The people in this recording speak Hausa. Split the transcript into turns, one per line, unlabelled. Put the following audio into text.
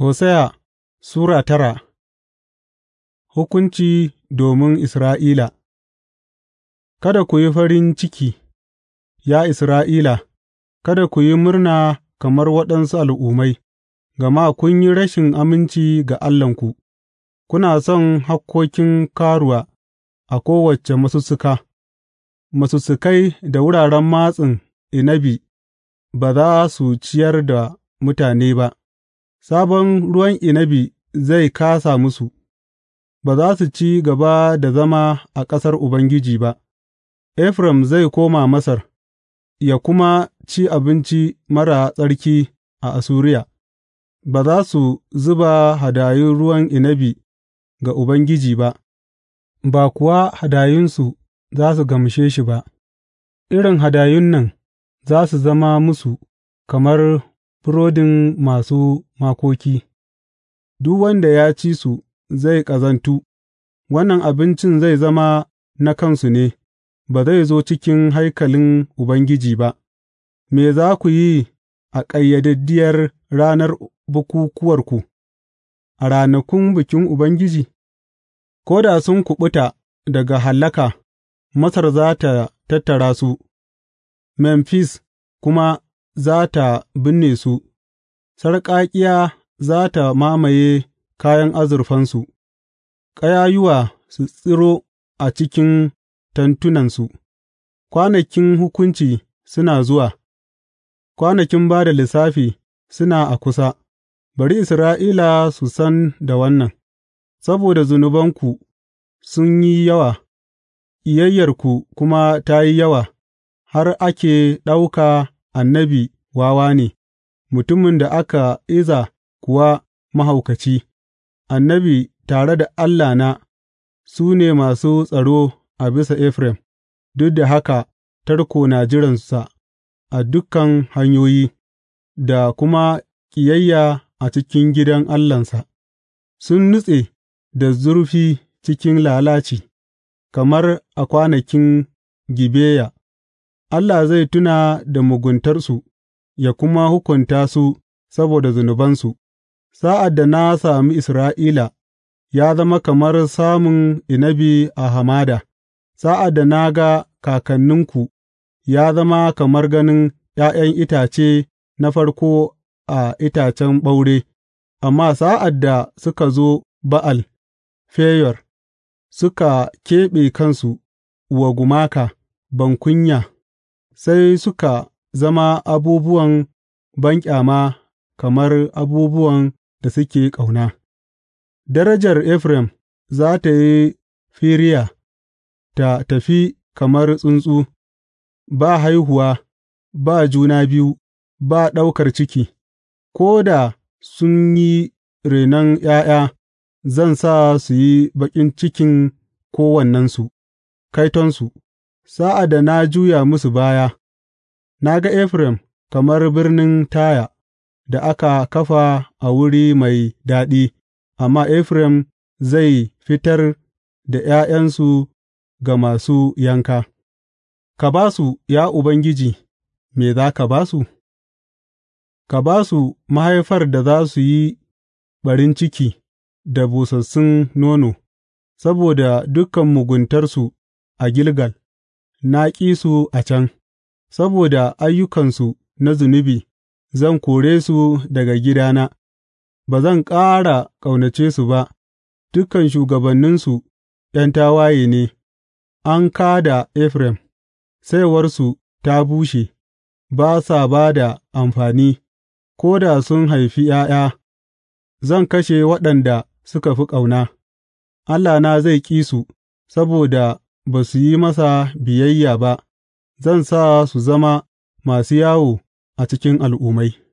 Hosiya Sura tara Hukunci domin Isra'ila Kada ku yi farin ciki, ya Isra'ila, kada ku yi murna kamar waɗansu al'ummai, gama kun yi rashin aminci ga Allahnku, kuna son hakkokin karuwa a kowace masussuka, masussukai da wuraren matsin inabi ba za su ciyar da mutane ba. sabon ruwan inabi zai kāsa musu, ba za su ci gaba da zama a ƙasar Ubangiji ba, Efraim zai koma Masar, ya kuma ci abinci mara tsarki a Asuriya. ba za su zuba hadayun ruwan inabi ga Ubangiji ba, ba kuwa hadayunsu za su gamshe shi ba, irin hadayun nan za su zama musu kamar burodin masu makoki, duk wanda ya ci su zai ƙazantu, wannan abincin zai zama na kansu ne, ba zai zo cikin haikalin Ubangiji ba, me za ku yi a ƙayyadaddiyar ranar bukukuwarku, a ranakun bikin Ubangiji? Ko da sun kuɓuta daga hallaka, Masar za ta tattara su, Memphis kuma za tă binne su, sarƙaƙiya za tă mamaye kayan azurfansu, Ƙayayuwa su tsiro a cikin tantunansu. kwanakin hukunci suna zuwa, kwanakin ba da lissafi suna a kusa, bari Isra'ila su san da wannan, saboda zunubanku sun yi yawa, iyayyarku kuma ta yi yawa, har ake ɗauka annabi wawa ne, mutumin da aka iza kuwa mahaukaci, annabi tare da Allahna su ne masu tsaro a bisa Efraim, duk da haka tarko na jiransa a dukan hanyoyi, da kuma ƙiyayya a cikin gidan Allahnsa, sun nutse da zurfi cikin lalaci, kamar a kwanakin Gibeya. Allah zai tuna da muguntarsu ya kuma hukunta su saboda zunubansu; sa'ad da na sami Isra'ila, ya zama kamar samun inabi a hamada, sa'ad da na ga kakanninku, ya zama kamar ganin ’ya'yan itace na farko a itacen ɓaure, amma sa'ad da suka zo Ba'al Feyor, suka keɓe kansu wa gumaka, bankunya. sai suka zama abubuwan banƙyama kamar abubuwan da suke ƙauna; darajar Efraim za tă yi firiya ta tafi kamar tsuntsu, ba haihuwa, ba juna biyu, ba ɗaukar ciki, ko da sun yi renon ’ya'ya, zan sa su yi baƙin cikin kowannensu, kaitonsu! Sa'ad da na juya musu baya, na ga Efraim kamar birnin Taya da aka kafa a wuri mai daɗi, amma Efraim zai fitar da ’ya'yansu ga masu yanka. Ka ba su, ya Ubangiji, me za ka ba su? Ka ba su mahaifar da za su yi ɓarin ciki da busassun nono, saboda dukan muguntarsu a Gilgal. na ƙi su a can; saboda ayyukansu na zunubi zan kore su daga gidana, ba zan ƙara ƙaunace su ba, dukan shugabanninsu ’yan tawaye ne, an ka da Efraim, saiwarsu ta bushe, ba sa ba da amfani, ko da sun haifi ’ya'ya, zan kashe waɗanda suka fi ƙauna, Allahna zai ƙi su saboda ba su yi masa biyayya ba, zan sa su zama masu yawo a cikin al'ummai.